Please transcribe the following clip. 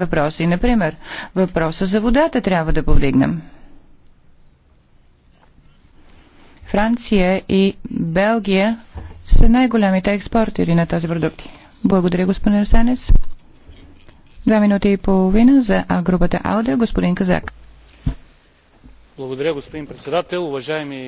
въпроси. Например, въпроса за водата трябва да повдигнем. Франция и Белгия са най-големите експортери на тази продукти. Благодаря, господин Арсенес. Два минути и половина за групата Аудер, господин Казак. Благодаря, господин председател. Уважаеми